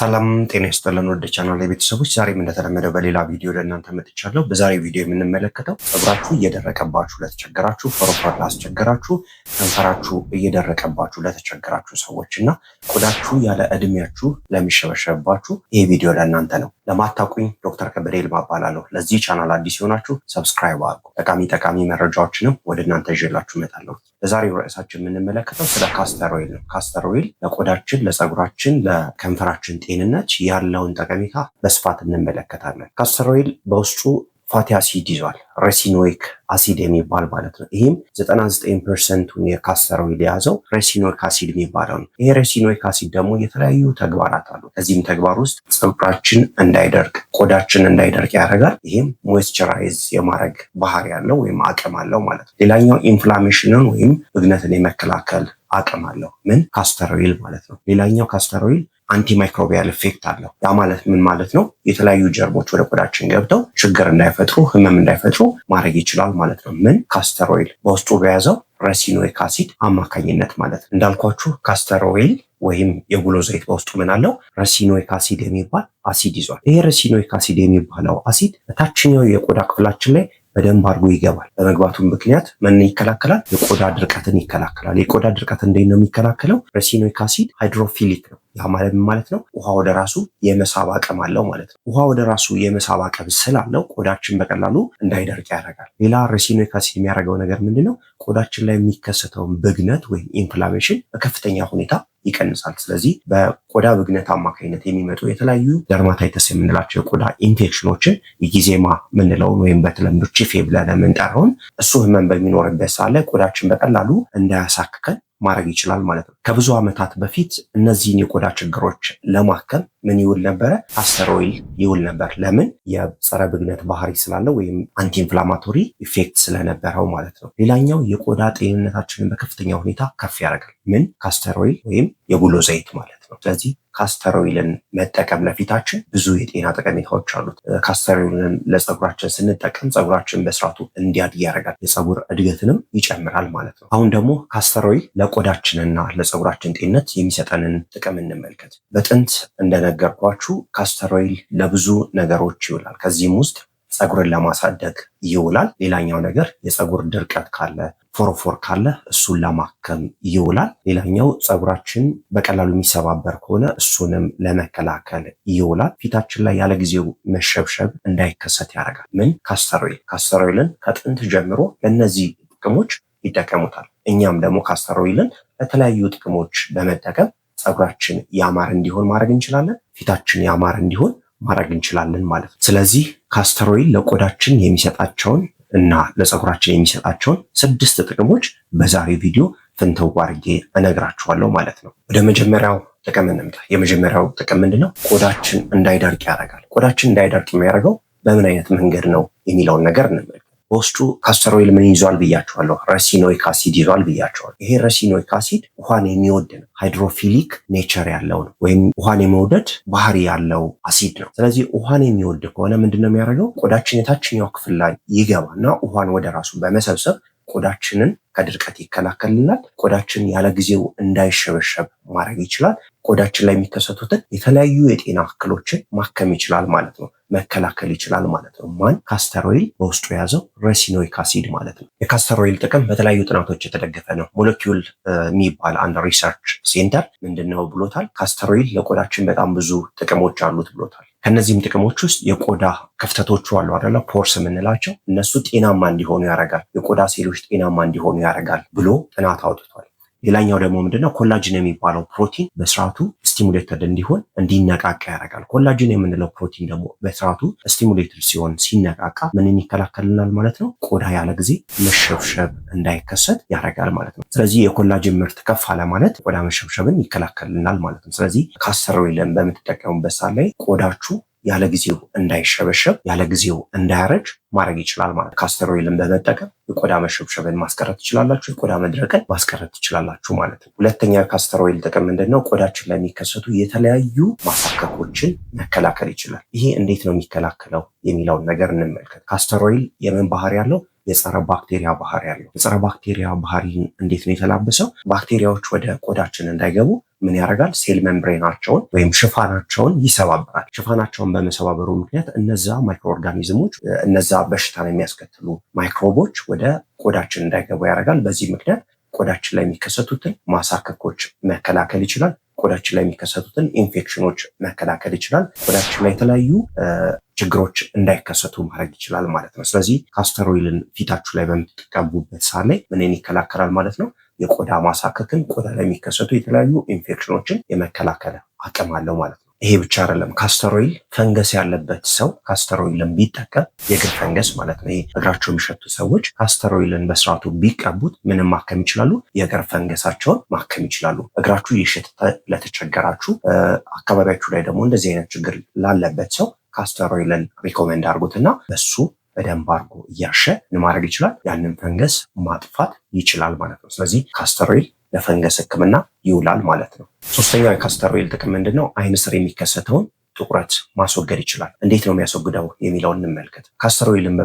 ሰላም ጤና ይስጥልን። ወደ ቻናል ቤተሰቦች ዛሬም እንደተለመደው በሌላ ቪዲዮ ለእናንተ መጥቻለሁ። በዛሬ ቪዲዮ የምንመለከተው ፀጉራችሁ እየደረቀባችሁ ለተቸገራችሁ፣ ፎሮፎር ላስቸገራችሁ፣ ከንፈራችሁ እየደረቀባችሁ ለተቸገራችሁ ሰዎች እና ቆዳችሁ ያለ እድሜያችሁ ለሚሸበሸብባችሁ ይህ ቪዲዮ ለእናንተ ነው። ለማታቁኝ ዶክተር ከበደ ይልማ እባላለሁ። ለዚህ ቻናል አዲስ የሆናችሁ ሰብስክራይብ አድርጉ። ጠቃሚ ጠቃሚ መረጃዎችንም ወደ እናንተ ይዤላችሁ እመጣለሁ። በዛሬው ርዕሳችን የምንመለከተው ስለ ካስተር ኦይል ነው። ካስተር ኦይል ለቆዳችን፣ ለፀጉራችን፣ ለከንፈራችን ጤንነት ያለውን ጠቀሜታ በስፋት እንመለከታለን። ካስተር ኦይል በውስጡ ፋቲ አሲድ ይዟል። ሬሲኖይክ አሲድ የሚባል ማለት ነው። ይህም 99 ፐርሰንቱን የካስተር ኦይል የያዘው ሬሲኖይክ አሲድ የሚባለው ነው። ይሄ ሬሲኖይክ አሲድ ደግሞ የተለያዩ ተግባራት አሉ። ከዚህም ተግባር ውስጥ ፀጉራችን እንዳይደርቅ፣ ቆዳችን እንዳይደርቅ ያደርጋል። ይህም ሞይስቸራይዝ የማድረግ ባህሪ ያለው ወይም አቅም አለው ማለት ነው። ሌላኛው ኢንፍላሜሽንን ወይም ብግነትን የመከላከል አቅም አለው። ምን ካስተር ኦይል ማለት ነው። ሌላኛው ካስተር ኦይል አንቲማይክሮቢያል ኢፌክት አለው። ያ ማለት ምን ማለት ነው? የተለያዩ ጀርቦች ወደ ቆዳችን ገብተው ችግር እንዳይፈጥሩ፣ ህመም እንዳይፈጥሩ ማድረግ ይችላል ማለት ነው። ምን ካስተር ኦይል በውስጡ በያዘው ረሲኖይክ አሲድ አማካኝነት ማለት ነው። እንዳልኳችሁ ካስተር ኦይል ወይም የጉሎ ዘይት በውስጡ ምን አለው? ረሲኖይክ አሲድ የሚባል አሲድ ይዟል። ይሄ ረሲኖይክ አሲድ የሚባለው አሲድ በታችኛው የቆዳ ክፍላችን ላይ በደንብ አድርጎ ይገባል። በመግባቱ ምክንያት ምን ይከላከላል? የቆዳ ድርቀትን ይከላከላል። የቆዳ ድርቀት እንዴት ነው የሚከላከለው? ረሲኖይክ አሲድ ሃይድሮፊሊክ ነው። ያ ማለት ምን ማለት ነው ውሃ ወደ ራሱ የመሳብ አቅም አለው ማለት ነው። ውሃ ወደ ራሱ የመሳብ አቅም ስላለው ቆዳችን በቀላሉ እንዳይደርቅ ያደርጋል። ሌላ ሬሲኖይክ አሲድ የሚያደርገው ነገር ምንድን ነው? ቆዳችን ላይ የሚከሰተውን ብግነት ወይም ኢንፍላሜሽን በከፍተኛ ሁኔታ ይቀንሳል። ስለዚህ በቆዳ ብግነት አማካኝነት የሚመጡ የተለያዩ ደርማታይተስ የምንላቸው የቆዳ ኢንፌክሽኖችን የጊዜማ የምንለውን ወይም በተለምዶ ቺፌ ብለን የምንጠራውን እሱ ህመም በሚኖርበት ሳለ ቆዳችን በቀላሉ እንዳያሳክከን ማድረግ ይችላል ማለት ነው። ከብዙ ዓመታት በፊት እነዚህን የቆዳ ችግሮች ለማከም ምን ይውል ነበረ? አስተር ኦይል ይውል ነበር። ለምን? የጸረ ብግነት ባህሪ ስላለው ወይም አንቲ ኢንፍላማቶሪ ኢፌክት ስለነበረው ማለት ነው። ሌላኛው የቆዳ ጤንነታችንን በከፍተኛ ሁኔታ ከፍ ያደርጋል። ምን? ካስተር ኦይል ወይም የጉሎ ዘይት ማለት ነው። ስለዚህ ካስተሮይልን መጠቀም ለፊታችን ብዙ የጤና ጠቀሜታዎች አሉት። ካስተሮይልን ለፀጉራችን ስንጠቀም ጸጉራችን በስርዓቱ እንዲያድ ያደርጋል፣ የፀጉር እድገትንም ይጨምራል ማለት ነው። አሁን ደግሞ ካስተሮይል ለቆዳችንና ለፀጉራችን ጤንነት የሚሰጠንን ጥቅም እንመልከት። በጥንት እንደነገርኳችሁ ካስተሮይል ለብዙ ነገሮች ይውላል። ከዚህም ውስጥ ፀጉርን ለማሳደግ ይውላል። ሌላኛው ነገር የፀጉር ድርቀት ካለ ፎረፎር ካለ እሱን ለማከም ይውላል። ሌላኛው ፀጉራችን በቀላሉ የሚሰባበር ከሆነ እሱንም ለመከላከል ይውላል። ፊታችን ላይ ያለ ጊዜው መሸብሸብ እንዳይከሰት ያደርጋል። ምን ካስተሮይል ካስተሮይልን ከጥንት ጀምሮ ለእነዚህ ጥቅሞች ይጠቀሙታል። እኛም ደግሞ ካስተሮይልን ለተለያዩ ጥቅሞች በመጠቀም ፀጉራችን ያማረ እንዲሆን ማድረግ እንችላለን። ፊታችን ያማረ እንዲሆን ማድረግ እንችላለን ማለት ነው። ስለዚህ ካስተሮይል ለቆዳችን የሚሰጣቸውን እና ለፀጉራችን የሚሰጣቸውን ስድስት ጥቅሞች በዛሬ ቪዲዮ ፍንተው አድርጌ እነግራችኋለሁ ማለት ነው። ወደ መጀመሪያው ጥቅም እንምጣ። የመጀመሪያው ጥቅም ምንድነው ቆዳችን እንዳይደርቅ ያደርጋል። ቆዳችን እንዳይደርቅ የሚያደርገው በምን አይነት መንገድ ነው የሚለውን ነገር እንመልከት። በውስጡ ካስተር ኦይል ምን ይዟል ብያቸዋለሁ? ረሲኖይክ አሲድ ይዟል ብያቸዋል። ይሄ ረሲኖይክ አሲድ ውሃን የሚወድ ነው። ሃይድሮፊሊክ ኔቸር ያለው ነው፣ ወይም ውሃን የመውደድ ባህሪ ያለው አሲድ ነው። ስለዚህ ውሃን የሚወድ ከሆነ ምንድን የሚያደርገው? ቆዳችን የታችኛው ክፍል ላይ ይገባ እና ውሃን ወደ ራሱ በመሰብሰብ ቆዳችንን ከድርቀት ይከላከልናል። ቆዳችን ያለ ጊዜው እንዳይሸበሸብ ማድረግ ይችላል። ቆዳችን ላይ የሚከሰቱትን የተለያዩ የጤና እክሎችን ማከም ይችላል ማለት ነው። መከላከል ይችላል ማለት ነው። ማን ካስተሮይል በውስጡ የያዘው ሬሲኖይክ አሲድ ማለት ነው። የካስተሮይል ጥቅም በተለያዩ ጥናቶች የተደገፈ ነው። ሞለኪውል የሚባል አንድ ሪሰርች ሴንተር ምንድነው ብሎታል? ካስተሮይል ለቆዳችን በጣም ብዙ ጥቅሞች አሉት ብሎታል። ከነዚህም ጥቅሞች ውስጥ የቆዳ ክፍተቶቹ አሉ አደለ፣ ፖርስ የምንላቸው እነሱ ጤናማ እንዲሆኑ ያደርጋል፣ የቆዳ ሴሎች ጤናማ እንዲሆኑ ያደርጋል ብሎ ጥናት አውጥቷል። ሌላኛው ደግሞ ምንድነው ኮላጅን የሚባለው ፕሮቲን በስርዓቱ ስቲሙሌተድ እንዲሆን እንዲነቃቃ ያደርጋል። ኮላጅን የምንለው ፕሮቲን ደግሞ በስርዓቱ ስቲሙሌትድ ሲሆን ሲነቃቃ ምንን ይከላከልናል ማለት ነው። ቆዳ ያለ ጊዜ መሸብሸብ እንዳይከሰት ያደርጋል ማለት ነው። ስለዚህ የኮላጅን ምርት ከፍ አለ ማለት ቆዳ መሸብሸብን ይከላከልናል ማለት ነው። ስለዚህ ካስተር ኦይልን በምትጠቀሙበት ሰዓት ላይ ቆዳችሁ ያለ ጊዜው እንዳይሸበሸብ ያለ ጊዜው እንዳያረጅ ማድረግ ይችላል ማለት ካስተሮይልን በመጠቀም የቆዳ መሸብሸብን ማስቀረት ትችላላችሁ፣ የቆዳ መድረቅን ማስቀረት ትችላላችሁ ማለት ነው። ሁለተኛ ካስተሮይል ጥቅም ምንድን ነው? ቆዳችን ላይ የሚከሰቱ የተለያዩ ማሳከኮችን መከላከል ይችላል። ይሄ እንዴት ነው የሚከላከለው የሚለውን ነገር እንመልከት። ካስተሮይል የምን ባህሪ ያለው? የጸረ ባክቴሪያ ባህሪ ያለው። የጸረ ባክቴሪያ ባህሪ እንዴት ነው የተላበሰው? ባክቴሪያዎች ወደ ቆዳችን እንዳይገቡ ምን ያደርጋል? ሴል መምብሬናቸውን ወይም ሽፋናቸውን ይሰባብራል። ሽፋናቸውን በመሰባበሩ ምክንያት እነዛ ማይክሮ ኦርጋኒዝሞች፣ እነዛ በሽታን የሚያስከትሉ ማይክሮቦች ወደ ቆዳችን እንዳይገቡ ያደርጋል። በዚህ ምክንያት ቆዳችን ላይ የሚከሰቱትን ማሳከኮች መከላከል ይችላል። ቆዳችን ላይ የሚከሰቱትን ኢንፌክሽኖች መከላከል ይችላል። ቆዳችን ላይ የተለያዩ ችግሮች እንዳይከሰቱ ማድረግ ይችላል ማለት ነው። ስለዚህ ካስተሮይልን ፊታችሁ ላይ በምትቀቡበት ሳ ላይ ምንን ይከላከላል ማለት ነው? የቆዳ ማሳከክን፣ ቆዳ ላይ የሚከሰቱ የተለያዩ ኢንፌክሽኖችን የመከላከል አቅም አለው ማለት ነው። ይሄ ብቻ አይደለም። ካስተሮይል ፈንገስ ያለበት ሰው ካስተሮይልን ቢጠቀም የእግር ፈንገስ ማለት ነው። ይሄ እግራቸው የሚሸቱ ሰዎች ካስተሮይልን በስርዓቱ ቢቀቡት ምንም ማከም ይችላሉ፣ የእግር ፈንገሳቸውን ማከም ይችላሉ። እግራችሁ እየሸተተ ለተቸገራችሁ፣ አካባቢያችሁ ላይ ደግሞ እንደዚህ አይነት ችግር ላለበት ሰው ካስተር ኦይልን ሪኮሜንድ አድርጎትና በሱ በደንብ አድርጎ እያሸ ማድረግ ይችላል። ያንን ፈንገስ ማጥፋት ይችላል ማለት ነው። ስለዚህ ካስተር ኦይል ለፈንገስ ሕክምና ይውላል ማለት ነው። ሶስተኛው የካስተር ኦይል ጥቅም ምንድን ነው? አይን ስር የሚከሰተውን ጥቁረት ማስወገድ ይችላል። እንዴት ነው የሚያስወግደው የሚለውን እንመልከት። ካስተር ኦይልን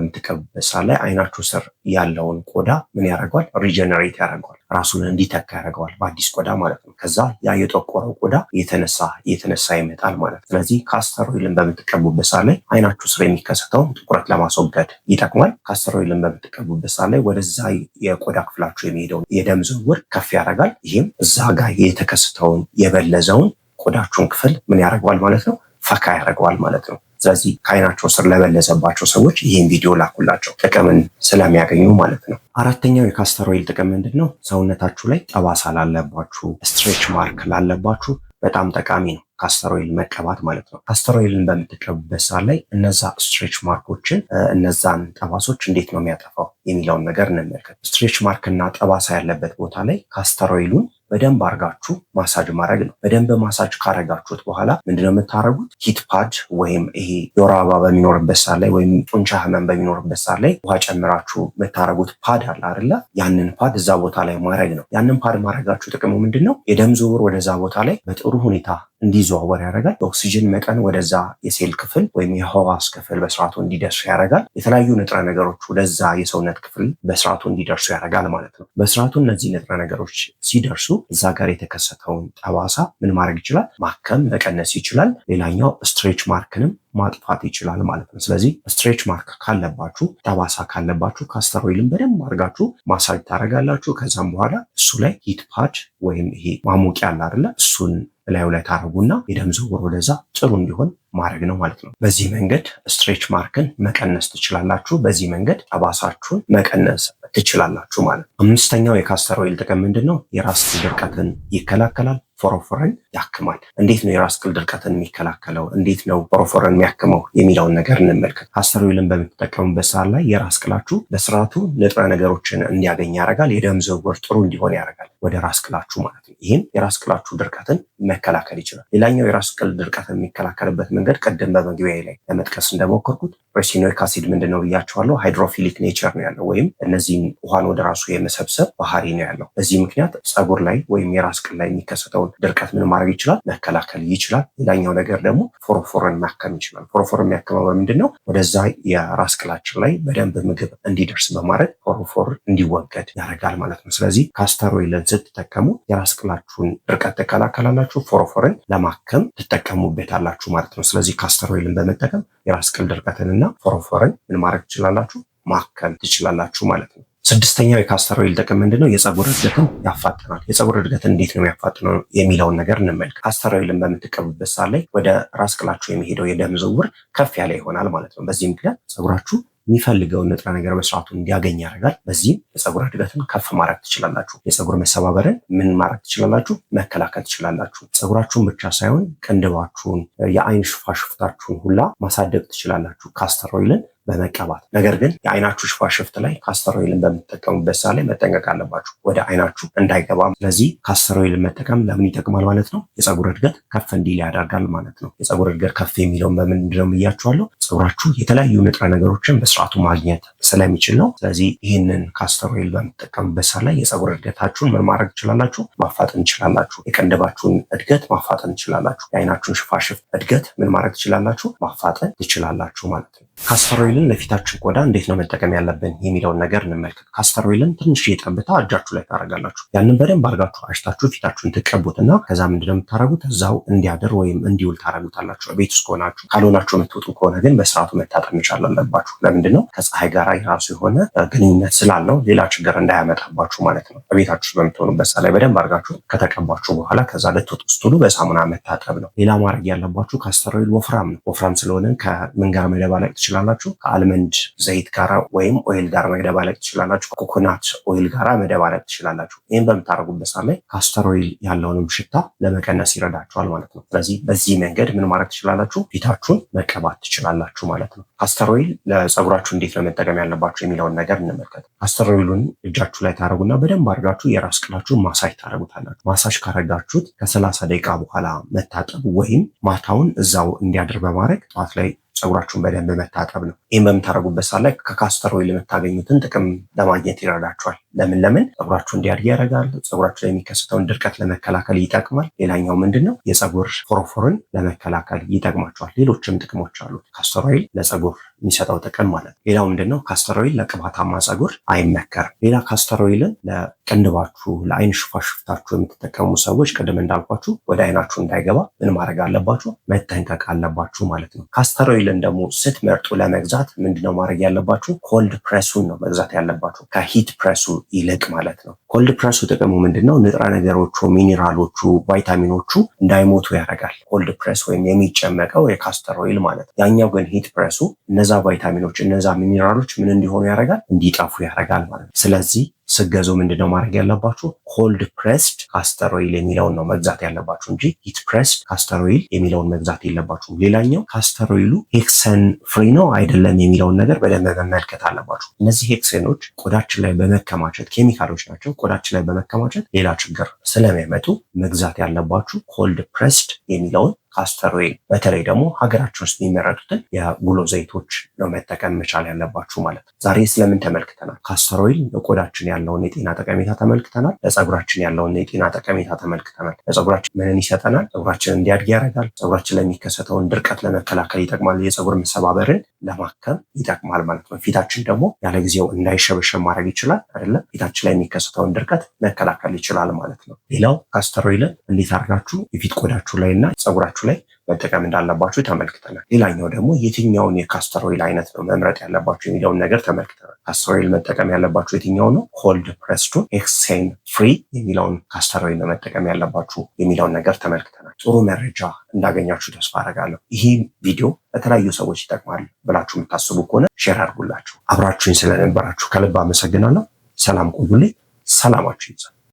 ላይ አይናችሁ ስር ያለውን ቆዳ ምን ያደርገዋል? ሪጀነሬት ያደርገዋል። ራሱን እንዲተካ ያደርገዋል በአዲስ ቆዳ ማለት ነው። ከዛ ያ የጠቆረው ቆዳ የተነሳ የተነሳ ይመጣል ማለት ነው። ስለዚህ ካስተሮይልን በምትቀቡበት ሰዓት ላይ አይናችሁ ስር የሚከሰተውን ጥቁረት ለማስወገድ ይጠቅማል። ካስተሮይልን በምትቀቡበት ሰዓት ላይ ወደዛ የቆዳ ክፍላችሁ የሚሄደውን የደም ዝውውር ከፍ ያደርጋል። ይህም እዛ ጋር የተከሰተውን የበለዘውን ቆዳችሁን ክፍል ምን ያደርገዋል ማለት ነው ፈካ ያደርገዋል ማለት ነው። ስለዚህ ከአይናቸው ስር ለበለሰባቸው ሰዎች ይህን ቪዲዮ ላኩላቸው ጥቅምን ስለሚያገኙ ማለት ነው። አራተኛው የካስተር ኦይል ጥቅም ምንድን ነው? ሰውነታችሁ ላይ ጠባሳ ላለባችሁ፣ ስትሬች ማርክ ላለባችሁ በጣም ጠቃሚ ነው። ካስተር ኦይል መቀባት ማለት ነው። ካስተር ኦይልን በምትቀቡበት ሰዓት ላይ እነዛ ስትሬች ማርኮችን እነዛን ጠባሶች እንዴት ነው የሚያጠፋው የሚለውን ነገር እንመልከት። ስትሬች እና ጠባሳ ያለበት ቦታ ላይ ካስተር ኦይሉን በደንብ አርጋችሁ ማሳጅ ማድረግ ነው። በደንብ ማሳጅ ካረጋችሁት በኋላ ምንድነው የምታደረጉት? ሂት ፓድ ወይም ይሄ የወር አበባ በሚኖርበት ሳር ላይ ወይም ጡንቻ ህመም በሚኖርበት ሳር ላይ ውሃ ጨምራችሁ የምታደረጉት ፓድ አለ አይደለ? ያንን ፓድ እዛ ቦታ ላይ ማድረግ ነው። ያንን ፓድ ማድረጋችሁ ጥቅሙ ምንድን ነው? የደም ዝውውር ወደዛ ቦታ ላይ በጥሩ ሁኔታ እንዲዘዋወር ያደርጋል። የኦክሲጅን መጠን ወደዛ የሴል ክፍል ወይም የህዋስ ክፍል በስርዓቱ እንዲደርሱ ያደርጋል። የተለያዩ ንጥረ ነገሮች ወደዛ የሰውነት ክፍል በስርዓቱ እንዲደርሱ ያደርጋል ማለት ነው። በስርዓቱ እነዚህ ንጥረ ነገሮች ሲደርሱ እዛ ጋር የተከሰተውን ጠባሳ ምን ማድረግ ይችላል? ማከም መቀነስ ይችላል። ሌላኛው ስትሬች ማርክንም ማጥፋት ይችላል ማለት ነው። ስለዚህ ስትሬች ማርክ ካለባችሁ፣ ጠባሳ ካለባችሁ ካስተሮይልን በደንብ አድርጋችሁ ማሳጅ ታደርጋላችሁ። ከዛም በኋላ እሱ ላይ ሂት ፓድ ወይም ይሄ ማሞቂያ አለ አይደለ? እሱን ላዩ ላይ ታደርጉና የደም ዝውውር ወደዛ ጥሩ እንዲሆን ማድረግ ነው ማለት ነው። በዚህ መንገድ ስትሬች ማርክን መቀነስ ትችላላችሁ። በዚህ መንገድ ጠባሳችሁን መቀነስ ትችላላችሁ ማለት አምስተኛው የካስተር ኦይል ጥቅም ምንድን ነው? የራስ ድርቀትን ይከላከላል። ፎሮፎረን ያክማል። እንዴት ነው የራስ ቅል ድርቀትን የሚከላከለው? እንዴት ነው ፎሮፎረን የሚያክመው የሚለውን ነገር እንመልከት። castor oil-ን በምትጠቀሙበት ሰዓት ላይ የራስ ቅላችሁ በስርዓቱ ንጥረ ነገሮችን እንዲያገኝ ያደርጋል። የደም ዝውውር ጥሩ እንዲሆን ያደርጋል ወደ ራስ ቅላችሁ ማለት ነው። ይህም የራስ ቅላችሁ ድርቀትን መከላከል ይችላል። ሌላኛው የራስ ቅል ድርቀትን የሚከላከልበት መንገድ ቅድም በመግቢያ ላይ ለመጥቀስ እንደሞከርኩት ሬሲኖይክ አሲድ ምንድን ነው ብያቸዋለሁ። ሃይድሮፊሊክ ኔቸር ነው ያለው ወይም እነዚህም ውሃን ወደ ራሱ የመሰብሰብ ባህሪ ነው ያለው። በዚህ ምክንያት ጸጉር ላይ ወይም የራስ ቅል ላይ የሚከሰተው የሚመጣውን ድርቀት ምን ማድረግ ይችላል? መከላከል ይችላል። ሌላኛው ነገር ደግሞ ፎሮፎርን ማከም ይችላል። ፎሮፎር የሚያከመው በምንድን ነው? ወደዛ የራስ ቅላችን ላይ በደንብ ምግብ እንዲደርስ በማድረግ ፎሮፎር እንዲወገድ ያደርጋል ማለት ነው። ስለዚህ ካስተር ኦይልን ስትጠቀሙ የራስ ቅላችሁን ድርቀት ትከላከላላችሁ፣ ፎሮፎርን ለማከም ትጠቀሙበታላችሁ ማለት ነው። ስለዚህ ካስተር ኦይልን በመጠቀም የራስ ቅል ድርቀትንና ፎሮፎርን ምን ማድረግ ትችላላችሁ? ማከም ትችላላችሁ ማለት ነው። ስድስተኛው የካስተር ኦይል ጥቅም ምንድነው? የፀጉር እድገትን ያፋጥናል። የፀጉር እድገት እንዴት ነው የሚያፋጥነው የሚለውን ነገር እንመልክ። ካስተር ኦይልን በምትቀብበት ሰዓት ላይ ወደ ራስ ቅላችሁ የሚሄደው የደም ዝውውር ከፍ ያለ ይሆናል ማለት ነው። በዚህ ምክንያት ፀጉራችሁ የሚፈልገውን ንጥረ ነገር በስርዓቱ እንዲያገኝ ያደርጋል። በዚህም የፀጉር እድገትን ከፍ ማድረግ ትችላላችሁ። የፀጉር መሰባበርን ምን ማድረግ ትችላላችሁ? መከላከል ትችላላችሁ። ፀጉራችሁን ብቻ ሳይሆን ቅንድባችሁን፣ የአይን ሽፋሽፍታችሁን ሁላ ማሳደግ ትችላላችሁ ካስተር ኦይልን በመቀባት ነገር ግን የአይናችሁ ሽፋሽፍት ላይ ካስተር ኦይልን በምትጠቀሙበት ሰዓት ላይ መጠንቀቅ አለባችሁ ወደ አይናችሁ እንዳይገባም። ስለዚህ ካስተር ኦይልን መጠቀም ለምን ይጠቅማል ማለት ነው? የፀጉር እድገት ከፍ እንዲል ያደርጋል ማለት ነው። የፀጉር እድገት ከፍ የሚለውን በምንድን ነው ብያችኋለሁ። ፀጉራችሁ የተለያዩ ንጥረ ነገሮችን በስርዓቱ ማግኘት ስለሚችል ነው። ስለዚህ ይህንን ካስተር ኦይል በምትጠቀሙበት ሰዓት ላይ የፀጉር እድገታችሁን ምን ማድረግ ትችላላችሁ? ማፋጠን ትችላላችሁ። የቀንደባችሁን እድገት ማፋጠን ትችላላችሁ። የአይናችሁን ሽፋሽፍት እድገት ምን ማድረግ ትችላላችሁ? ማፋጠን ትችላላችሁ ማለት ነው። ካስተሮይልን ለፊታችን ቆዳ እንዴት ነው መጠቀም ያለብን የሚለውን ነገር እንመልከት። ካስተሮይልን ትንሽ የጠብታ እጃችሁ ላይ ታደርጋላችሁ። ያንን በደንብ አድርጋችሁ አሽታችሁ ፊታችሁን ትቀቡት እና ከዛ ምንድን ነው የምታደርጉት? እዛው እንዲያድር ወይም እንዲውል ታደርጉታላችሁ። ቤት ውስጥ ከሆናችሁ ካልሆናችሁ የምትወጡ ከሆነ ግን በስርዓቱ መታጠብ መቻል አለባችሁ። ለምንድን ነው? ከፀሐይ ጋር የራሱ የሆነ ግንኙነት ስላለው ሌላ ችግር እንዳያመጣባችሁ ማለት ነው። በቤታችሁ በምትሆኑበት ሰዓት ላይ በደንብ አድርጋችሁ ከተቀባችሁ በኋላ ከዛ ልትወጡ ስትሉ በሳሙና መታጠብ ነው። ሌላ ማድረግ ያለባችሁ ካስተሮይል ወፍራም ነው። ወፍራም ስለሆነ ከምን ጋር መደባለቅ ትችላላችሁ። ከአልመንድ ዘይት ጋራ ወይም ኦይል ጋር መደባለቅ ትችላላችሁ። ከኮኮናት ኦይል ጋራ መደባለቅ ትችላላችሁ። ይህም በምታደርጉበት ሰዓት ላይ ካስተር ኦይል ያለውንም ሽታ ለመቀነስ ይረዳችኋል ማለት ነው። ስለዚህ በዚህ መንገድ ምን ማድረግ ትችላላችሁ? ፊታችሁን መቀባት ትችላላችሁ ማለት ነው። ካስተር ኦይል ለጸጉራችሁ እንዴት ነው መጠቀም ያለባችሁ የሚለውን ነገር እንመልከት። ካስተር ኦይሉን እጃችሁ ላይ ታደረጉና በደንብ አድርጋችሁ የራስ ቅላችሁን ማሳጅ ታደረጉታላችሁ። ማሳጅ ካረጋችሁት ከሰላሳ ደቂቃ በኋላ መታጠብ ወይም ማታውን እዛው እንዲያድር በማድረግ ጠዋት ላይ ጸጉራችሁን በደንብ መታጠብ ነው። ይህም በምታደርጉበት ሰዓት ላይ ከካስተር ኦይል የምታገኙትን ጥቅም ለማግኘት ይረዳችኋል። ለምን ለምን ጸጉራችሁ እንዲያድግ ያደርጋል። ጸጉራችሁ ላይ የሚከሰተውን ድርቀት ለመከላከል ይጠቅማል። ሌላኛው ምንድን ነው የጸጉር ፎሮፎርን ለመከላከል ይጠቅማቸዋል። ሌሎችም ጥቅሞች አሉት ካስተር ኦይል ለጸጉር የሚሰጠው ጥቅም ማለት ነው። ሌላው ምንድን ነው ካስተር ኦይል ለቅባታማ ጸጉር አይመከርም። ሌላ ካስተር ኦይልን ለቅንድባችሁ፣ ለአይን ሽፋሽፍታችሁ የምትጠቀሙ ሰዎች ቅድም እንዳልኳችሁ ወደ አይናችሁ እንዳይገባ ምን ማድረግ አለባችሁ? መጠንቀቅ አለባችሁ ማለት ነው። ካስተር ኦይልን ደግሞ ስትመርጡ ለመግዛት ምንድነው ማድረግ ያለባችሁ? ኮልድ ፕሬሱን ነው መግዛት ያለባችሁ ከሂት ፕሬሱ ይለቅ ማለት ነው። ኮልድ ፕረሱ ጥቅሙ ምንድን ነው? ንጥረ ነገሮቹ፣ ሚኒራሎቹ፣ ቫይታሚኖቹ እንዳይሞቱ ያደርጋል። ኮልድ ፕረስ ወይም የሚጨመቀው የካስተር ኦይል ማለት ነው። ያኛው ግን ሂት ፕረሱ እነዛ ቫይታሚኖች፣ እነዛ ሚኒራሎች ምን እንዲሆኑ ያደርጋል? እንዲጠፉ ያደርጋል ማለት ነው። ስለዚህ ስገዙ ምንድነው ማድረግ ያለባችሁ? ኮልድ ፕረስድ ካስተር ኦይል የሚለውን ነው መግዛት ያለባችሁ እንጂ ሂት ፕረስድ ካስተር ኦይል የሚለውን መግዛት የለባችሁ ሌላኛው ካስተር ኦይሉ ሄክሰን ፍሪ ነው አይደለም የሚለውን ነገር በደንብ መመልከት አለባችሁ። እነዚህ ሄክሰኖች ቆዳችን ላይ በመከማቸት ኬሚካሎች ናቸው። ቆዳችን ላይ በመከማቸት ሌላ ችግር ስለሚያመጡ መግዛት ያለባችሁ ኮልድ ፕሬስድ የሚለውን ካስተር ኦይል በተለይ ደግሞ ሀገራችን ውስጥ የሚመረቱትን የጉሎ ዘይቶች ነው መጠቀም መቻል ያለባችሁ ማለት ነው። ዛሬ ስለምን ተመልክተናል? ካስተር ኦይል ለቆዳችን ያለውን የጤና ጠቀሜታ ተመልክተናል። ለጸጉራችን ያለውን የጤና ጠቀሜታ ተመልክተናል። ለፀጉራችን ምንን ይሰጠናል? ጸጉራችን እንዲያድግ ያደርጋል። ፀጉራችን ለሚከሰተውን ድርቀት ለመከላከል ይጠቅማል። የፀጉር መሰባበርን ለማከም ይጠቅማል ማለት ነው። ፊታችን ደግሞ ያለ ጊዜው እንዳይሸበሸብ ማድረግ ይችላል አይደለም? ፊታችን ላይ የሚከሰተውን ድርቀት መከላከል ይችላል ማለት ነው። ሌላው ካስተር ኦይልን እንዴት አድርጋችሁ የፊት ቆዳችሁ ላይ እና ጸጉራችሁ ላይ መጠቀም እንዳለባችሁ ተመልክተናል። ሌላኛው ደግሞ የትኛውን የካስተር ኦይል አይነት ነው መምረጥ ያለባችሁ የሚለውን ነገር ተመልክተናል። ካስተር ኦይል መጠቀም ያለባችሁ የትኛው ነው፣ ኮልድ ፕሬስዶ ኤክሴን ፍሪ የሚለውን ካስተር ኦይል መጠቀም ያለባችሁ የሚለውን ነገር ተመልክተናል። ጥሩ መረጃ እንዳገኛችሁ ተስፋ አረጋለሁ። ይህ ቪዲዮ ለተለያዩ ሰዎች ይጠቅማል ብላችሁ የምታስቡ ከሆነ ሼር አድርጉላችሁ። አብራችሁኝ ስለነበራችሁ ከልብ አመሰግናለሁ። ሰላም ቆዩልኝ። ሰላማችሁ ይዛል